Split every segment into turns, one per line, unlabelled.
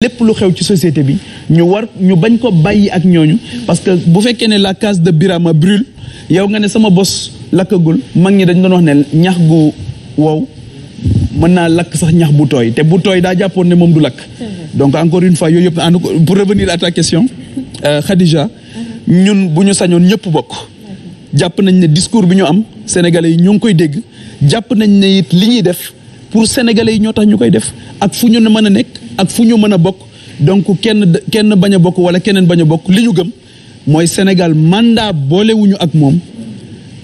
lépp lu xew ci société bi ñu war ñu bañ ko bàyyi ak ñooñu parce que bu fekkee ne la case de Birama brûle yow nga ne sama bos lakkagul mag ñi dañ doon wax ne ñax gu wow mën naa lakk sax ñax bu tooy te bu tooy daa jàppoon ne moom du lakk donc encore une fois yooyu yëpp ànd ko pour revenir à ta question euh, Khadija ñun bu ñu sañoon ñëpp bokk jàpp nañ ne discours bi ñu am sénégalais yi ñu ngi koy dégg jàpp nañ ne it li ñuy def pour sénégalais yi ñoo tax ñu koy def ak fu ñu mën a nekk ak fu ñu mën a bokk donc kenn kenn bañ a bokk wala keneen bañ a bokk li ñu gëm mooy Sénégal mandat boolewuñu ak moom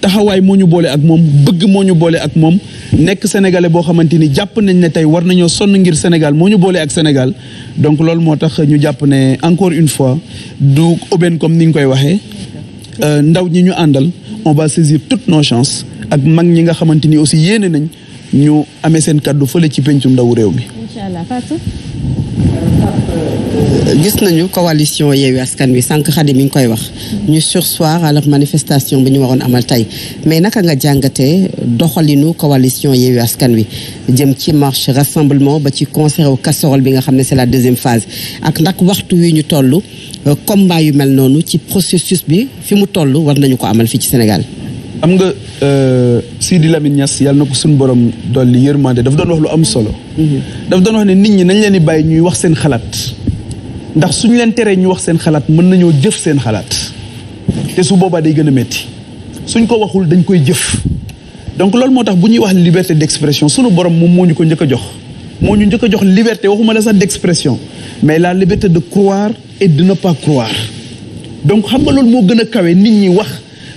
taxawaay moo ñu boole ak moom bëgg moo ñu boole ak moom nekk sénégalais boo xamante ni jàpp nañ ne tey war nañoo sonn ngir Sénégal moo ñu boole ak Sénégal donc loolu moo tax ñu jàpp ne encore une fois du aubaine comme ni nga koy waxee euh, ndaw ñi ñu àndal on va saisir toutes nos chances ak mag ñi nga xamante ni aussi yéene nañ. ñu amee seen kàddu fële ci pencum ndawu réew mi.
incha gis nañu coalition Yewwi Askan Wi sànq Xadi mi ngi koy wax ñu surseoir à la manifestation bi ñu waxoon amal tey mais naka nga jàngatee doxalinu coalition Yewwi Askan Wi jëm ci marche rassemblement ba ci concert au casserole bi nga xam ne c'est la deuxième phase ak ndax waxtu wi ñu toll combat yu mel noonu ci processus bi fi mu toll war nañu ko amal fii ci Sénégal
am nga euh, di Lamine ñas yàlla na ko suñu borom li dolli yërmande daf doon wax lu am solo. Mhm. daf doon wax ne nit ñi nañ leen di bàyyi ñuy wax seen xalaat ndax suñu leen teree ñu wax seen xalaat mën nañoo jëf seen xalaat te su boobaa day gën a métti suñ ko waxul dañ koy jëf. donc loolu moo tax bu ñuy wax liberté d'expression suñu borom moom moo ñu ko njëkk jox moo ñu njëkk a jox liberté waxuma la sax d'expression mais la liberté de croire et de ne pas croire donc xam loolu moo gën a kawe nit ñi wax.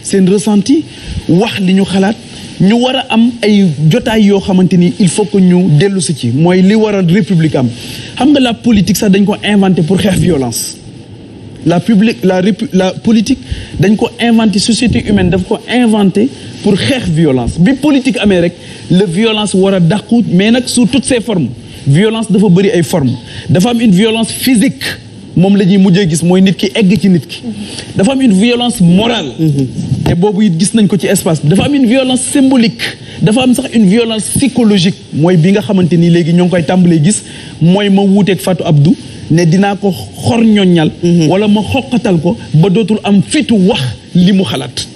seen ressenti wax li ñu xalaat ñu war a am ay jotaay yoo xamante ni il faut que ñu dellu si ci mooy li war a république am xam nga la politique sax dañ ko inventé pour xeex violence la publique la la politique dañ ko inventé société humaine daf ko inventer pour xeex violence bi politique amee rek le violence war a dàqu mais nag sous toutes ses formes violence dafa bëri ay formes dafa am une violence physique moom la ñuy mujjee gis mooy nit ki egg ci nit ki dafa am une violence morale te boobu it gis nañ ko ci espace bi dafa am une violence symbolique dafa am sax une violence psychologique mooy bi nga xamante ni léegi ñoo ngi koy tàmbalee gis mooy ma wuuteeg ab du ne dinaa ko xor ñoññal wala ma xoqatal ko ba dootul am fitu wax li mu xalaat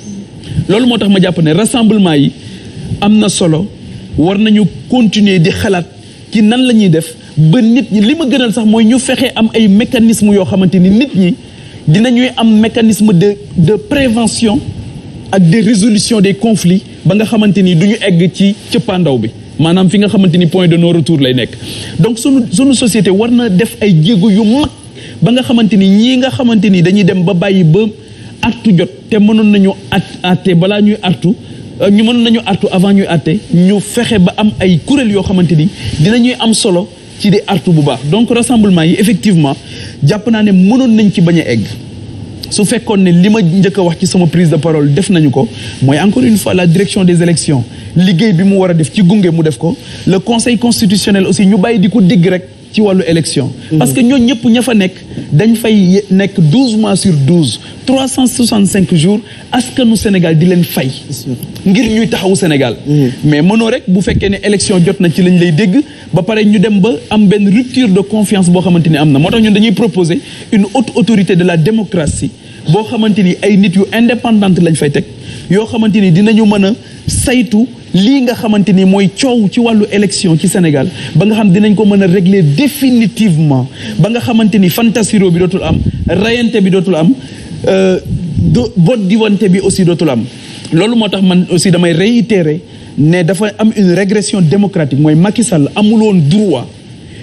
loolu moo tax ma jàpp ne rassemblement yi am na solo war nañu continuer di xalaat ci nan la ñuy def ba nit ñi li ma gënal sax mooy ñu fexe am ay mécanisme yoo xamante ni nit ñi ñuy am mécanisme de de prévention ak de résolution des conflits ba nga xamante ni du ñu egg ci cëppaandaw bi maanaam fi nga xamante ni point de non retour lay nekk donc sunu sunu société war na def ay jéego yu mag ba nga xamante ni ñii nga xamante ni dañuy dem ba bàyyi ba artu jot te mënoon nañu at atte balaa ñuy artu euh, ñu mënoon nañu artu avant ñuy atte ñu fexe ba am ay kuréel yoo xamante ni dinañuy am solo ci di artu bu baax donc rassemblement yi effectivement jàpp naa ne mënoon nañ ci bañ a egg su fekkoon ne li ma njëkk a wax ci sama prise de parole def nañu ko mooy encore une fois la direction des élections liggéey bi mu war a def ci gunge mu def ko le conseil constitutionnel aussi ñu bàyyi di ko dégg rek ci wàllu élection mm-hmm. parce que ñooñu ñëpp ña fa nekk dañ fay nekk douze mois sur douze trois cent soixante cinq jours askanu Sénégal di leen fay ngir ñuy taxawu Sénégal mm-hmm. mais mënoo rek bu fekkee ne élection jot na ci lañ lay dégg ba pare ñu dem ba am benn rupture de confiance boo xamante ni am na moo tax ñun dañuy proposer une haute autorité de la démocratie boo xamante ni ay nit yu indépendante lañ fay teg yoo xamante ni dinañu mën a saytu lii nga xamante ni mooy coow ci wàllu élection ci Sénégal ba nga xam dinañ ko mën a régler définitivement ba nga xamante ni fantasiro bi dootul am rayante bi dootul am bot euh, diwante bi aussi dootul am loolu moo tax man aussi damay réitérer ne dafa am une régression démocratique mooy Macky Sall amuloon droit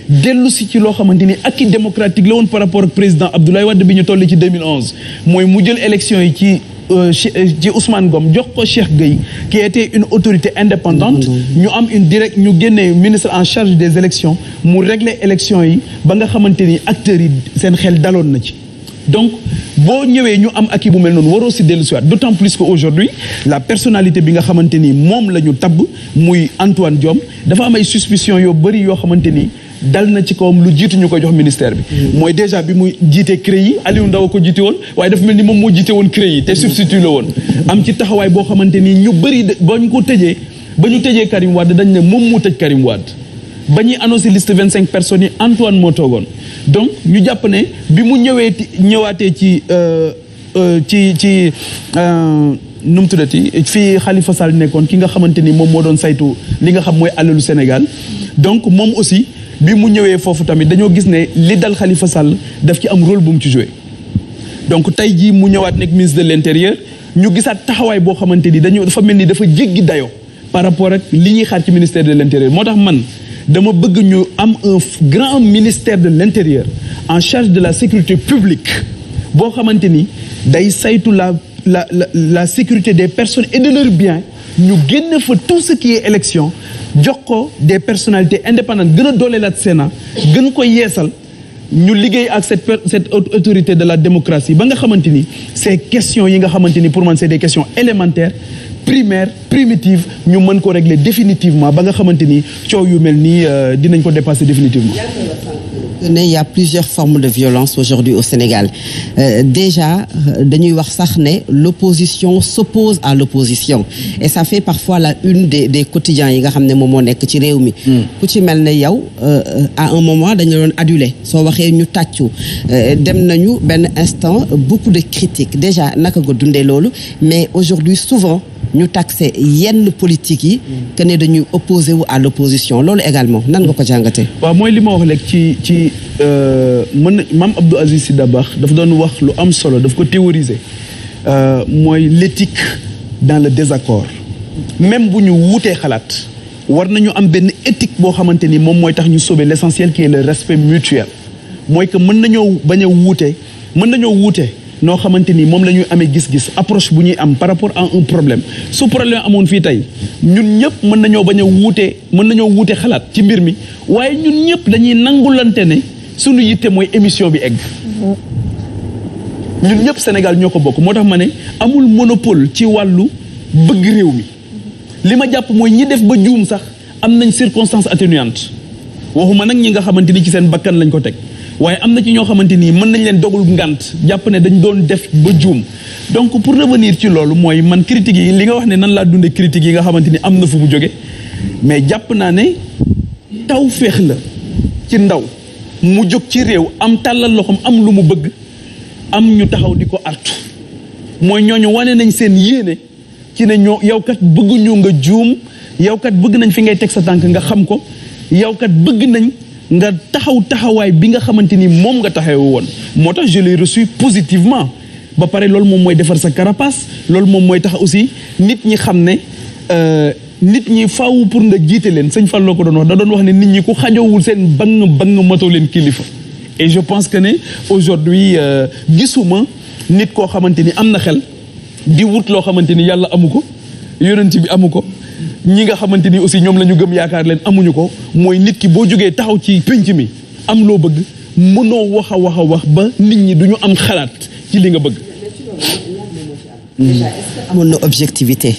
dellu si ci loo xamante ni i démocratique la woon par rapport ak président Abdoulaye Wade bi ñu toll ci 2011 mooy mu jël élection yi ci Euh, ci euh, Ousmane Ngom jox ko Cheikh Gueye qui était une autorité indépendante mm-hmm. ñu am une direct ñu génnee ministre en charge des élections mu régler élections yi ba nga xamante ni acteurs yi seen xel daloon na ci donc boo ñëwee ñu am acquis bu mel noonu waroo si dellu siwaat d' autant plus que aujourd'hui la personalité bi nga xamante ni moom la ñu tabb muy Antoine Diome dafa am ay suspicion yoo bëri yoo xamante ni dal na ci kawam lu jiitu ñu ko jox ministère bi mooy déjà bi mu jiitee CREI yi Aliou Ndao ko jiite woon waaye dafa mel ni moom moo jiite woon CREI yi te substitut la woon am ci taxawaay boo xamante nii ñu bari ba ñu ko tëjee ba ñu tëjee Karim Wade dañ ne moom moo tëj Karim Wade ba ñuy annoncé liste vingt cinq personnes yi Antoine moo toogoon donc ñu jàpp ne bi mu ñëwee ñëwaatee ci euh, euh, ci ci euh, nu mu tuddati fii Khalifa nekkoon ki nga xamante ni moom moo doon saytu li nga xam mooy Sénégal donc moom bi mu ñëwee foofu tamit dañoo gis ne li dal Khalifa Sall daf ci am rôle bu mu ci joué donc tey jii mu ñëwaat nekk ministre de l' intérieur ñu gisaat taxawaay boo xamante ni dañu dafa mel ni dafa jéggi dayoo par rapport ak li ñuy xaar ci ministère de l' moo tax man dama bëgg ñu am un grand ministère de l' en charge de la sécurité publique boo xamante ni day saytu la la la la sécurité des personnes et bien ñu génn fa tout ce qui est jox ko des personnalités indépendantes gën a dooleelaat Sénat gën ko yeesal ñu liggéey ak cette cette autorité de la démocratie ba nga xamante ni ces questions yi nga xamante ni pour man c'est des questions élémentaires primaires primitives ñu mën ko régler définitivement ba nga xamante ni coow yu mel nii euh, dinañ ko dépasser définitivement ne il y a plusieurs
formes de violence aujourd'hui au Sénégal euh, déjà euh, dañuy wax sax ne l'opposition s'oppose à l'opposition et ça fait parfois la une des des quotidiens yi nga xam ne moom moo nekk ci réew mi mm. ku ci mel ne yow euh, à un moment dañu doon aduler soo waxee ñu tàccu euh, dem nañu benn instant beaucoup de critiques déjà naka nga dundee loolu mais aujourd'hui souvent ñu taxé yenn politique yi que ne dañuy opposé wu à l'opposition loolu également nan nga ko jàngatee
waaw mooy li ma wax léegi ci ci euh, mën Mame Abdou Aziz Sy Dabakh dafa doon wax lu am solo daf ko théoriser euh, mooy l'éthique dans le désaccord même bu ñu wutee xalaat war nañu am benn étique boo xamante ni moom mooy tax ñu sauver l'essentiel qui est le respect mutuel mooy que mën nañoo bañ a wuute mën nañoo wuute noo xamante ni moom la ñuy amee gis-gis approche bu ñuy am par rapport a un problème su problème amoon fii tey ñun ñëpp mën nañoo bañ a wuute mën nañoo wuute xalaat ci mbir mi waaye ñun ñëpp dañuy nangulante ne suñu yitte mooy émission bi egg. ñun ñëpp Sénégal ñoo ko bokk moo tax ma ne amul monopole ci wàllu bëgg réew mi li ma jàpp mooy ñi def ba juum sax am nañ circonstance atténuante waxuma nag ñi nga xamante ni ci seen bakkan lañ ko teg. waaye am na ci ñoo xamante nii mën nañ leen dogul ngant jàpp ne dañ doon def ba juum donc pour revenir ci loolu mooy man critiques yi li nga wax ne nan laa dundee critiques yi nga xamante am na fu mu jóge mais jàpp naa ne taw féex la ci ndaw mu jóg ci réew am tàllal loxoom am lu mu bëgg am ñu taxaw di ko artu mooy ñooñu wane nañ seen yéene ci ne ñoo yow kat bëgguñu nga juum yow bëgg nañ fi ngay teg sa tànk nga xam ko yow kat bëgg nañ nga taxaw taxawaay bi nga xamante ni moom nga taxaw woon moo tax je l'ai reçu positivement ba pare loolu moom mooy defar sa carapace loolu moom mooy tax aussi nit ñi xam ne euh, nit ñi faaw pour nga jiite leen sëñ Fall ko doon wax da doon wax ne nit ñi ku xajoowul seen bang bang matoo leen kilifa et je pense que ne aujourd'hui euh, gisuma nit koo xamante ni am na xel di wut loo xamante ni yàlla amu ko yonent bi amu ko ñi nga xamante ni aussi ñoom la ñu gëm yaakaar leen amuñu ko mooy nit ki boo jógee taxaw ci pénc mi am loo bëgg mënoo wax a wax a wax ba nit ñi duñu am xalaat ci li nga bëgg. déjà
amoon na mmh. objectivité.